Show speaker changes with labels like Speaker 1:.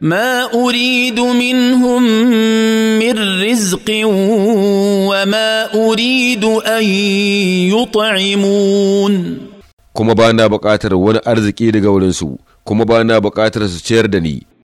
Speaker 1: ما اريد منهم من رزق وما اريد ان يطعمون
Speaker 2: kuma ba na bukatar wani arziki daga wurinsu kuma ba na bukatar su ciyar da ni